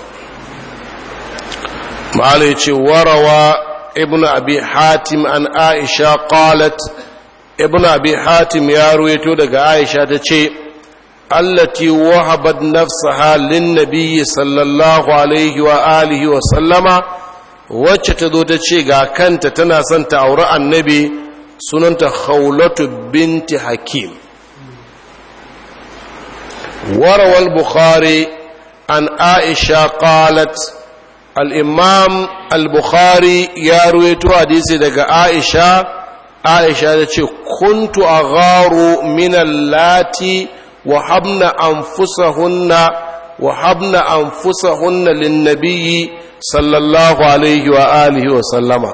ma'ala ya ce warawa ibn abi hatim an aisha qalat ibn abi hatim ya ruwaito daga aisha ta ce allati wahabat nafsaha lin nabiyyi sallallahu alaihi wa alihi wa sallama wacce ta zo ta ce ga kanta tana son ta auri annabi sunanta khawlatu binti hakim وروى البخاري عن عائشة قالت الإمام البخاري يروي حديث دقى عائشة عائشة كنت أغار من اللاتي وحبن أنفسهن وحبن أنفسهن للنبي صلى الله عليه وآله وسلم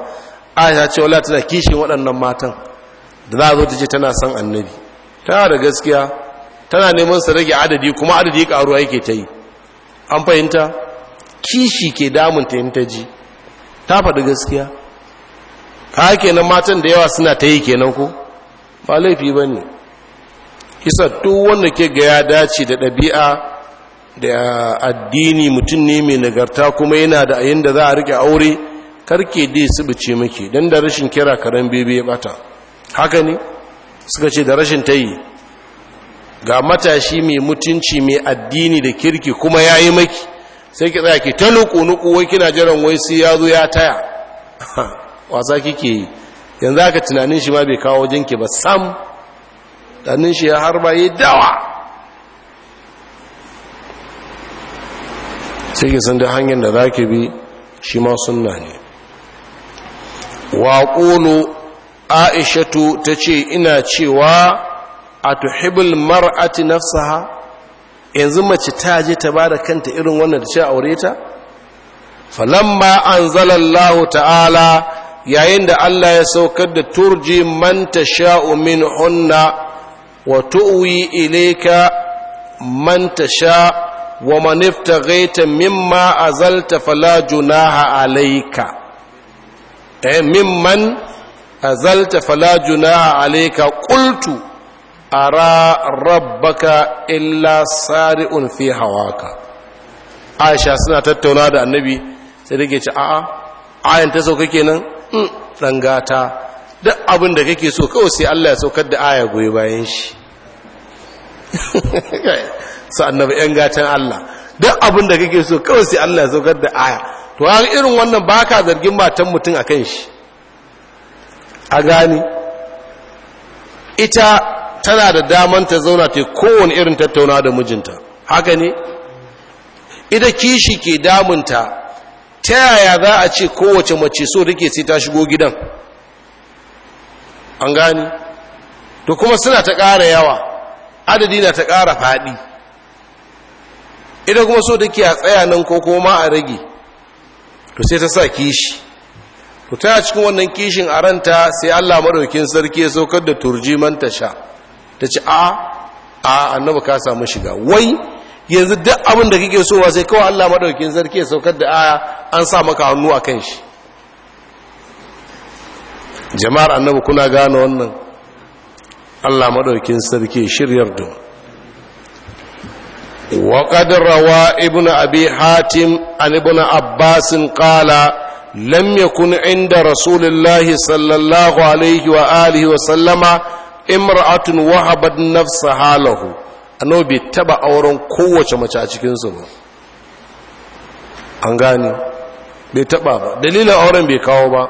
aisha ce wala tana kishin waɗannan matan da za a zo ta ce tana son annabi tana da gaskiya tana neman su rage adadi kuma adadi ƙaruwa yake ta yi an fahimta kishi ke damun ta yin ta ji ta faɗi gaskiya ka kenan matan da yawa suna ta yi kenan ko ba laifi ba ne isa duk wanda ke ga ya dace da ɗabi'a da addini mutum ne mai nagarta kuma yana da ayin da za a rike aure karke dai su bice miki dan da rashin kira karen bebe ya bata haka ne suka ce da rashin tayi ga matashi mai mutunci mai addini da kirki kuma ya yi maki sai ki tsaya ki ta nuku-nuku wai kina jiran wai sai ya zo ya taya wasa kike yi yanzu aka tunanin shi ma bai kawo wajenki ba sam tunanin shi ya harba ya dawa sai ki san da hanyar da za ki bi shi ma sunna ne waƙulu aishatu ta ce ina cewa a tuhibul mar'ati nafsaha yanzu mace ta je ta ba da kanta irin wannan da ce aure ta falamma anzalallahu ta'ala yayin da Allah ya saukar da turji man tasha'u min hunna wa tu'wi ilayka man sha wa man ibtaghaita mimma azalta fala junaha alayka eh mimman azalta fala junaha alayka qultu ara rabbaka illa sari'un fi hawaka aisha suna tattauna da annabi sai take ci a'a ayan ta sauka kenan dan mm, gata duk abin da kake so kawai sai Allah ya saukar da aya goyi bayan shi su annabi yan gatan Allah duk abin da kake so kawai sai Allah ya saukar da aya to har irin wannan ba ka zargin matan mutum a kan shi a gani ita tana da daman ta zauna ta kowane irin tattauna da mijinta haka ne ita kishi ke damunta ta yaya za a ce kowace mace so take sai ta shigo gidan an gani to kuma suna ta ƙara yawa adadi na ta ƙara faɗi ita kuma so take a tsaya nan ko kuma a rage to sai ta sa kishi to ta cikin wannan kishin a ranta sai Allah madaukin sarki ya saukar da turjiman ta sha ta ci a a annabi ka samu shiga wai yanzu duk abin da kake so sai kawai Allah madaukin sarki ya saukar da aya an sa maka hannu a kan shi jama'ar annabi kuna gane wannan Allah madaukin sarki shiryar da وقد روى ابن أبي حاتم عن ابن عباس قال لم يكن عند رسول الله صلى الله عليه وآله وسلم امرأة وهبت نفسها له أنه بيتبع أوران قوة ما تشاكين سبا أنغاني بيتبع bai taba ba dalilin auren bai kawo ba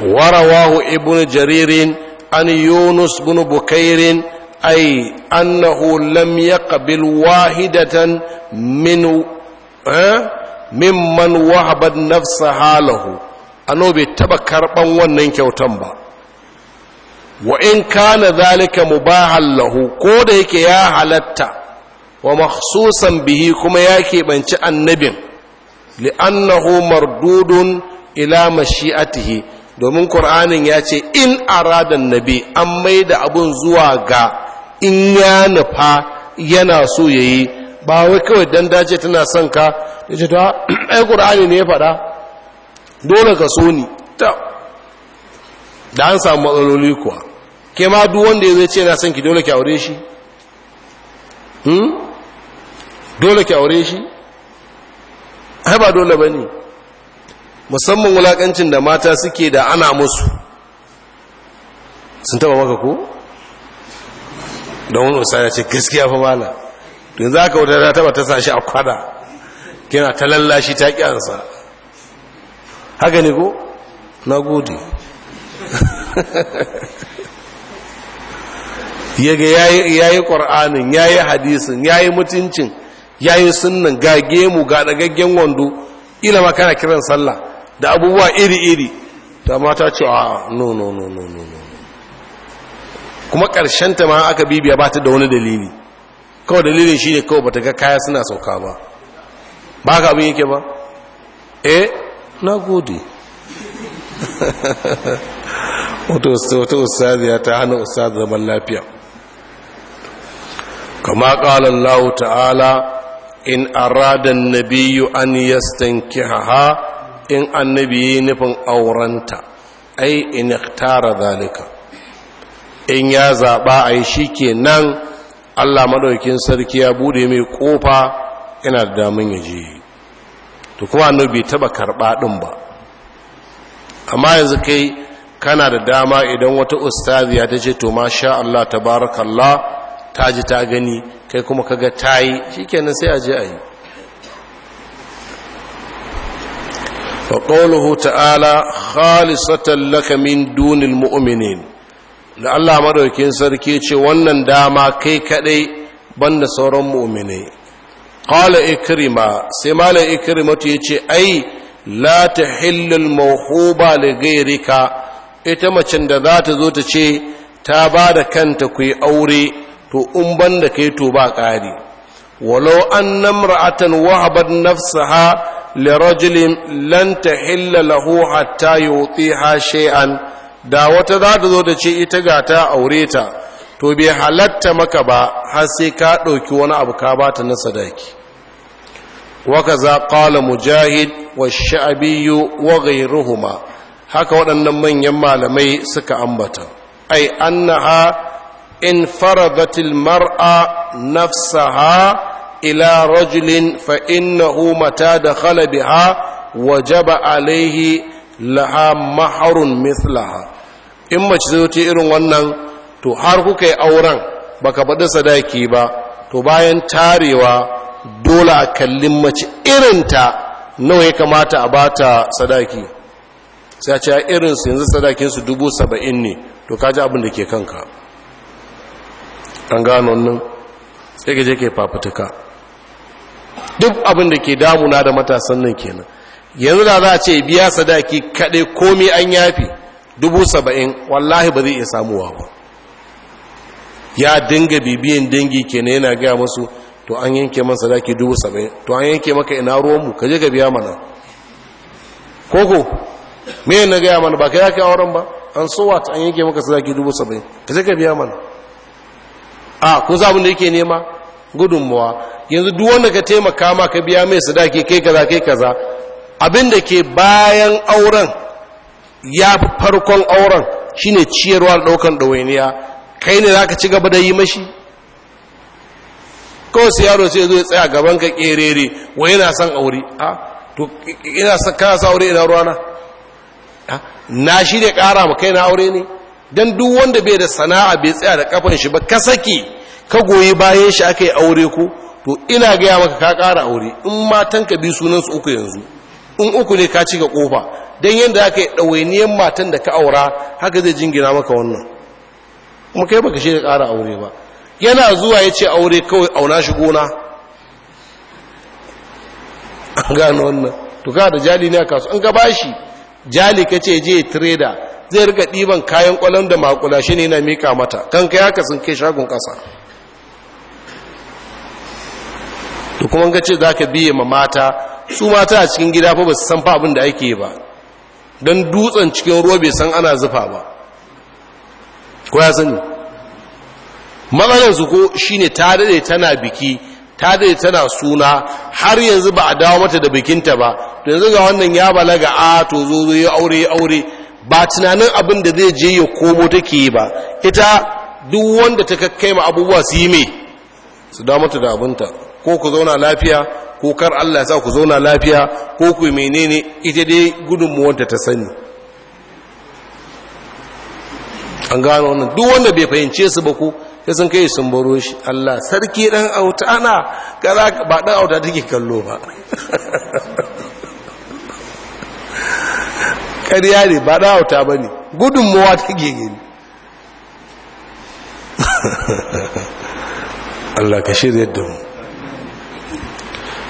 warawahu ibn jaririn ai annahu lam yaqbil wahidatan min mimman wahabat nafsa halahu ano bai taɓa karɓan wannan kyautan ba wa in kana zalika mubahan lahu ko da yake ya halatta wa makhsusan bihi kuma ya keɓanci annabin li'annahu mardudun ila mashi'atihi domin qur'anin ya ce in aradan nabi an maida abun zuwa ga in ya nufa yana so ya yi ba wai kawai don dace tana son ka da ce ta ai ƙur'ani ne ya faɗa dole ka so ni ta da an samu matsaloli kuwa ke ma duk wanda ya zai ce na son ki dole kyaure aure shi hmm? dole kyaure aure shi ai ba dole ba ne musamman wulaƙancin da mata suke da ana musu sun taba maka ko don wani ya ce gaskiya fa mala tun za ka wuta ta taba ta sa shi a kwada kina ta lallashi ta kyansa haka ne ko na gode yaga yayi yi yayi hadisin yi mutuncin ya yi sunnan ga gemu ga ɗagaggen wando ila ma kana kiran sallah da abubuwa iri iri ta mata ce a no no no no no kuma ta ma aka bibiya ba ta da wani dalili kawai dalilin shi ne kawai ba ta ga kaya suna sauka ba ba ka abin yake ba eh na gode wata ya ta hana ustazi zaman lafiya kama ƙala Allah ta'ala in aradan nabiyu an ha in annabi nufin aurenta ai in tara zalika in ya zaɓa a yi shi ke nan allah maɗaukin sarki ya buɗe mai ƙofa yana da damun ya je to kuma annabi bai taɓa karɓa ɗin ba amma yanzu kai kana da dama idan wata ustaziya ta ce to masha allah tabarakallah ta ji ta gani kai kuma kaga ta yi shi kenan sai a je a yi فقوله تعالى خالصة لك من دون المؤمنين da Allah madaukin sarki ce wannan dama kai kadai banda sauran mu'mini qala ikrima sai malam ikrima to yace ai la tahillu al-mawhuba li ghayrika ita macen da za ta zo ta ce ta ba da kanta ku yi aure to in banda kai to ba ƙari walau an namra'atan wahabat nafsaha li rajulin lan tahilla lahu hatta yutiha shay'an da wata za ta zo da ce ita ga ta aure ta to bai halatta maka ba har sai ka ɗauki wani abu ka ba ta na sadaki waka za ƙala mujahid wa sha'abiyu wa gairuhuma haka waɗannan manyan malamai suka ambata ai annaha in faradatil mar'a nafsaha ila rajulin fa innahu mata da khala biha wajaba alaihi laha maharun mithlaha in mace zai ta irin wannan to har kuka yi auren baka faɗi sadaki ba to bayan tarewa dole a kallin mace irinta nawa ya kamata a bata sadaki sai a ce irinsu yanzu su dubu saba'in ne to kaji abin da ke kanka an gano nan sai gaje ke fafutuka duk abin da ke damuna da matasan nan kenan yanzu da za a ce biya sadaki kaɗai komi an yafi dubu saba'in wallahi ba zai iya samuwa ba ya dinga bibiyan dangi kenan yana gaya masu to an yanke man sadaki dubu saba'in to an yanke maka ina ruwanmu ka je ka biya mana koko me na gaya mana ba ka yake auren ba an so wata an yanke maka sadaki dubu saba'in ka je ka biya mana a kun za abinda yake nema gudunmuwa yanzu duk wanda ka taimaka ma ka biya mai sadaki kai kaza kai kaza abin da ke bayan auren ya fi farkon auren shine ciyarwa da ɗaukan ɗawainiya kai ne za ka ci gaba da yi mashi kawai sai yaro sai zo ya tsaya gaban ka ƙerere wa yana son aure a to ina son kana sa aure ina ruwana na shi ne ƙara ma kai na aure ne don duk wanda bai da sana'a bai tsaya da kafan shi ba ka saki ka goyi bayan shi aka yi aure ko to ina gaya maka ka kara aure in matan ka bi sunan su uku yanzu in uku ne ka ci ga kofa don yadda aka yi ɗawainiyar matan da ka aura haka zai jingina maka wannan kuma kai baka shi ƙara aure ba yana zuwa ya ce aure kawai auna shi gona an gano wannan to ka da jali ne a kasu an gaba shi jali ka ce je trader zai rika ɗiban kayan ƙwallon da makula shi ne na mika mata kan kai haka sun kai shagon ƙasa to kuma ka ce za ka biye ma mata su mata a cikin gida fa ba su san fa abin da ake yi ba don dutsen cikin ruwa bai san ana zufa ba ko ya sani matsalarsu ko ne ta dade tana biki ta dade tana suna har yanzu ba a dawo mata da bikinta ba yanzu ga wannan ya balaga a to zo zo ya aure ya aure ba tunanin abin da zai je ya komo take yi ba ita duk wanda ta kakkai ma abubuwa su yi mai su dawo mata da abinta ko ku zauna lafiya ko kar Allah ya sa ku zauna lafiya ko ku menene ita dai gudunmuwanta ta sani an gano wannan duk wanda bai fahimce su ba ko sai sun kai sun baro shi Allah sarki dan auta ana ga ba dan auta take kallo ba kariya ne ba dan auta bane gudunmuwa take gani Allah ka shirya da mu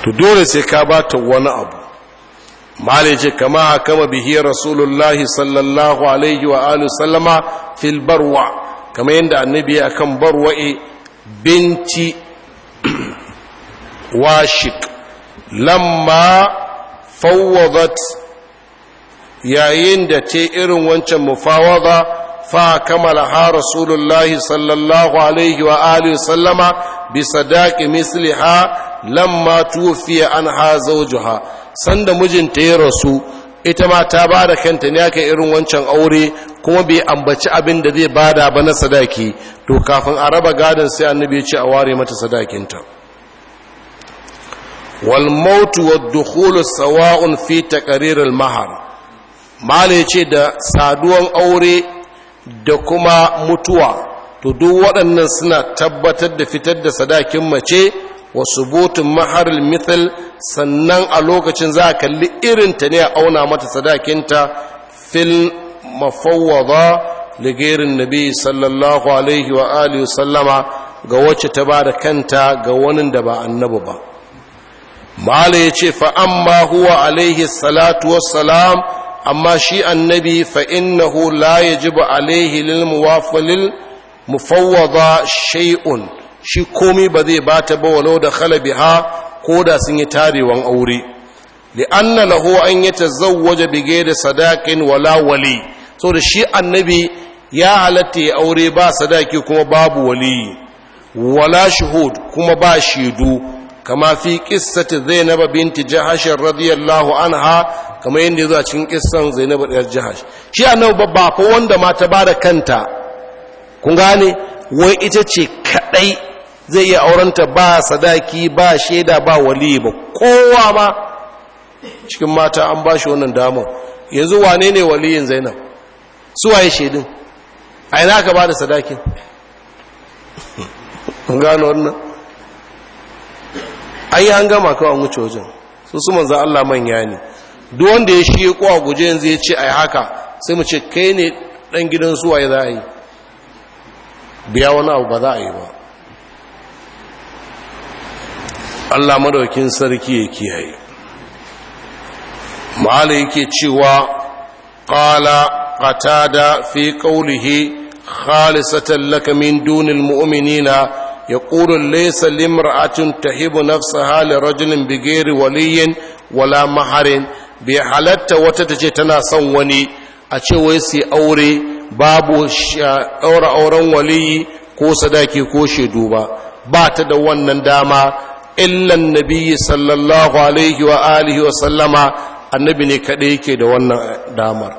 to dole sai ka ba ta wani abu mali ce kama bihi rasulullahi sallallahu alaihi wa alihi sallama fil barwa kama yadda annabi akan kan barwa'e binti washik lamma fawwadat yayin da ce irin wancan mufawada fa kamala ha rasulullahi sallallahu alaihi وآله وسلم sallama bi لما misliha lamma زوجها sanda mijinta ya rasu ita ma ta ba da kanta ne aka irin wancan aure kuma bai ambaci abin da zai bada ba na sadaki to kafin a raba gadon sai annabi ya ce a ware mata sadakinta wal mautu wa dukhulu sawa'un fi taqrir al mahar mala yace da saduwan aure da kuma mutuwa to duk waɗannan suna tabbatar da fitar da sadakin mace wa subutun maharil mithil sannan a lokacin za a kalli irinta ne a auna mata sadakinta fil mafawwada ligerin nabi sallallahu alaihi wa alihi sallama ga wacce ta ba da kanta ga wani da ba annabi ba mala ya ce fa amma huwa alaihi salatu wassalam amma shi annabi fa innahu la yajibu alayhi lil muwafilil mufawwada shay'un shi komai ba zai bata ba walau da khala biha ko da sun yi tarewan aure anna lahu an yatazawwaja bi ghayri sadaqin wala wali so da shi annabi ya halatta ya aure ba sadaki kuma babu wali wala shuhud kuma ba shaidu kama fi qissati zainab binti jahash radiyallahu anha kama yanda yazo zuwa cikin kissan zainab ɗiyar jahash shi annabi babba fa wanda ma ta bada kanta kun gane wai ita ce kadai zai iya aurenta ba sadaki ba shaida ba wali ba kowa ma cikin mata an ba shi wannan damar yanzu wane ne waliyin zainab su waye shaidun a ina ka ba da sadakin gano wannan ai an gama kawai an wuce wajen su su manzan Allah manya ne duk wanda ya shi ko a guje yanzu ya ce ai haka sai mu ce kai ne dan gidan su waye za a yi biya wani abu ba za a yi ba Allah madaukin sarki ya kiyaye ma'ala yake cewa qala qatada fi qawlihi khalisatan laka min dunil mu'minina يقول ليس لامرأة تهب نفسها لرجل بغير ولي ولا مهر بحالتا وتتجي تنا صوني أتشوي أوري babu أورا auren ولي ko sadaki ko shaidu ba ba ta da wannan dama illan nabiyyi sallallahu alaihi wa alihi wa sallama annabi ne kaɗai yake da wannan damar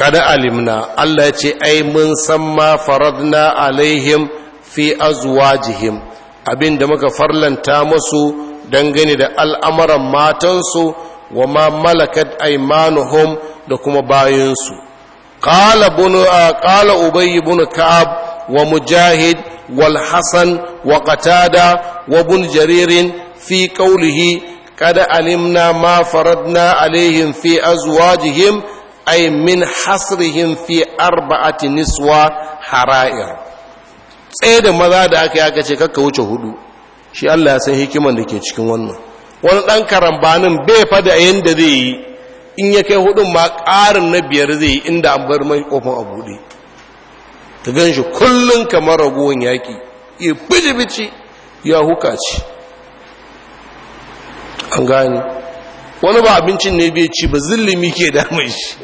kada alimna Allah ya ce ai mun san ma faradna alaihim fi azwajihim abin da muka farlanta masu dangane da al'amuran matansu wa ma malakat aimanuhum da kuma bayansu qala bunu qala ubay ka'ab wa mujahid wal hasan wa qatada wa bun jarir fi qawlihi qad alimna ma faradna alaihim fi azwajihim ay min hasrihim fi arba'ati niswa hara'ir tsaye da maza da aka yi aka ce kakka wuce hudu shi Allah ya san hikiman da ke cikin wannan wani ɗan karambanin bai fada yadda zai yi in ya kai hudun ma ƙarin na biyar zai yi inda an bar mai kofin a buɗe ta gan shi kullum kamar ragowar yaƙi ya fiji bici ya huka ci an gane wani ba abincin ne bai ci ba zillimi ke damar shi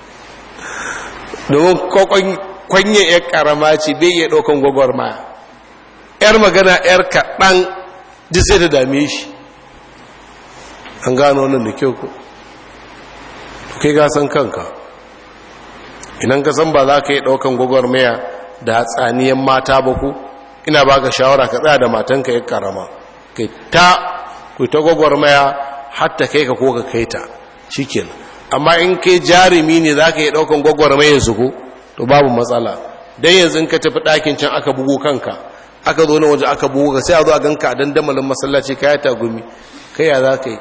domin kwakwan kwanye ya karama ce bai ya ɗaukan ma yar magana yar kaɗan ji sai da dame shi an gano wannan da kyau ku to kai gasan kanka idan ka san ba za ka yi ɗaukan gwagwarmaya da tsaniyan mata ba ku ina ba ka shawara ka tsaya da matanka ya karama kai ta ku ta gwagwarmaya hatta kai ka ko ka kai ta shi amma in kai jarumi ne za ka yi ɗaukan gwagwarmayar su ku to babu matsala dai yanzu ka tafi ɗakin can aka bugo kanka aka zo na waje aka bugo ka sai a zo a ganka a dandamalin masallaci ka ya tagumi kai ya za ka yi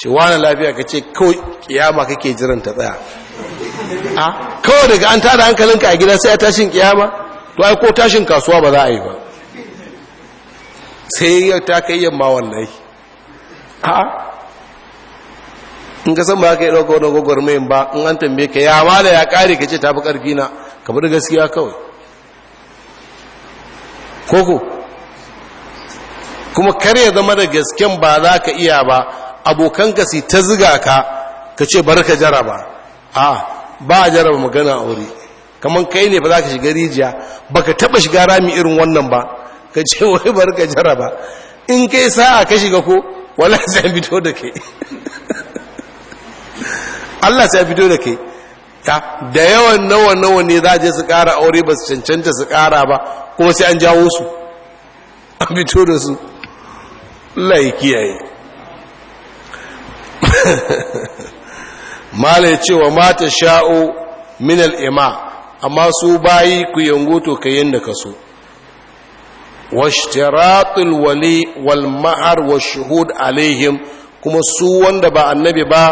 ce wani lafiya ka ce kawai kiyama kake jiran ta tsaya a kawai daga an tada hankalinka a gida sai a tashin kiyama to ai ko tashin kasuwa ba za a yi ba sai ya ta kai yamma wallahi a in ka san ba ka yi ɗauka wani gwagwarmayin ba in an tambaye ka ya ma da ya ƙare ka ce tafi ƙarfi na kamar gaskiya kawai koko kuma kar ya zama da gasken ba za ka iya ba abokan gasi ta ziga ka ka ce bar ka jaraba a ba a jaraba magana aure kamar kai ne ba za ka shiga rijiya ba ka taba shiga rami irin wannan ba ka ce wai bar ka jaraba in kai sa'a ka shiga ko wala sai fito da ke Allah sai fito da ke. Ta? da yawan nawa nawa ne za a je su kara aure ba su cancanta su kara ba kuma sai an jawo su an fito da su lai kiyaye mala cewa mata sha'o min al'ima amma su bayi ku to ka da ka so washtiratul wali wal ma'ar wa shuhud alaihim kuma su wanda ba annabi ba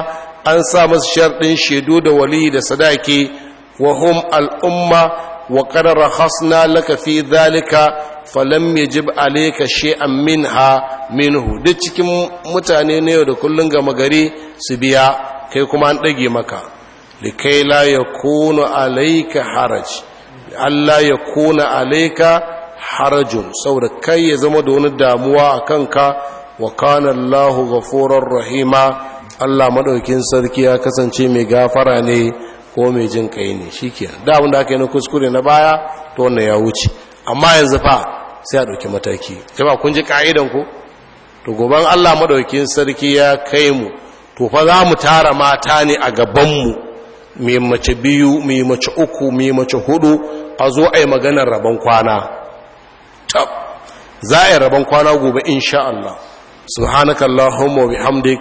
an sa masu sharɗin shaidu da wali da sadaki wa hum al'umma wa ƙarara hasna laka fi zalika falam alaika alayka min ha minhu duk cikin mutane ne yau da kullun gama gari su biya kai kuma an ɗage maka kai la kuna alaika haraj Allah ya kuna alaika harajun saboda kai ya zama da wani damuwa a kanka wa kana Allahu rahima Allah maɗaukin sarki ya kasance mai gafara ne ko mai jin kai ne shi ke da abin da aka yi na kuskure na baya to wannan ya wuce amma yanzu fa sai a ɗauki mataki jama kun ji ka'idan ku to goban Allah maɗaukin sarki ya kai mu to fa za mu tara mata ne a gabanmu mai mace biyu mai mace uku mai mace hudu a zo a yi maganar rabon kwana tab za a yi rabon kwana gobe insha Allah subhanakallahumma wa bihamdik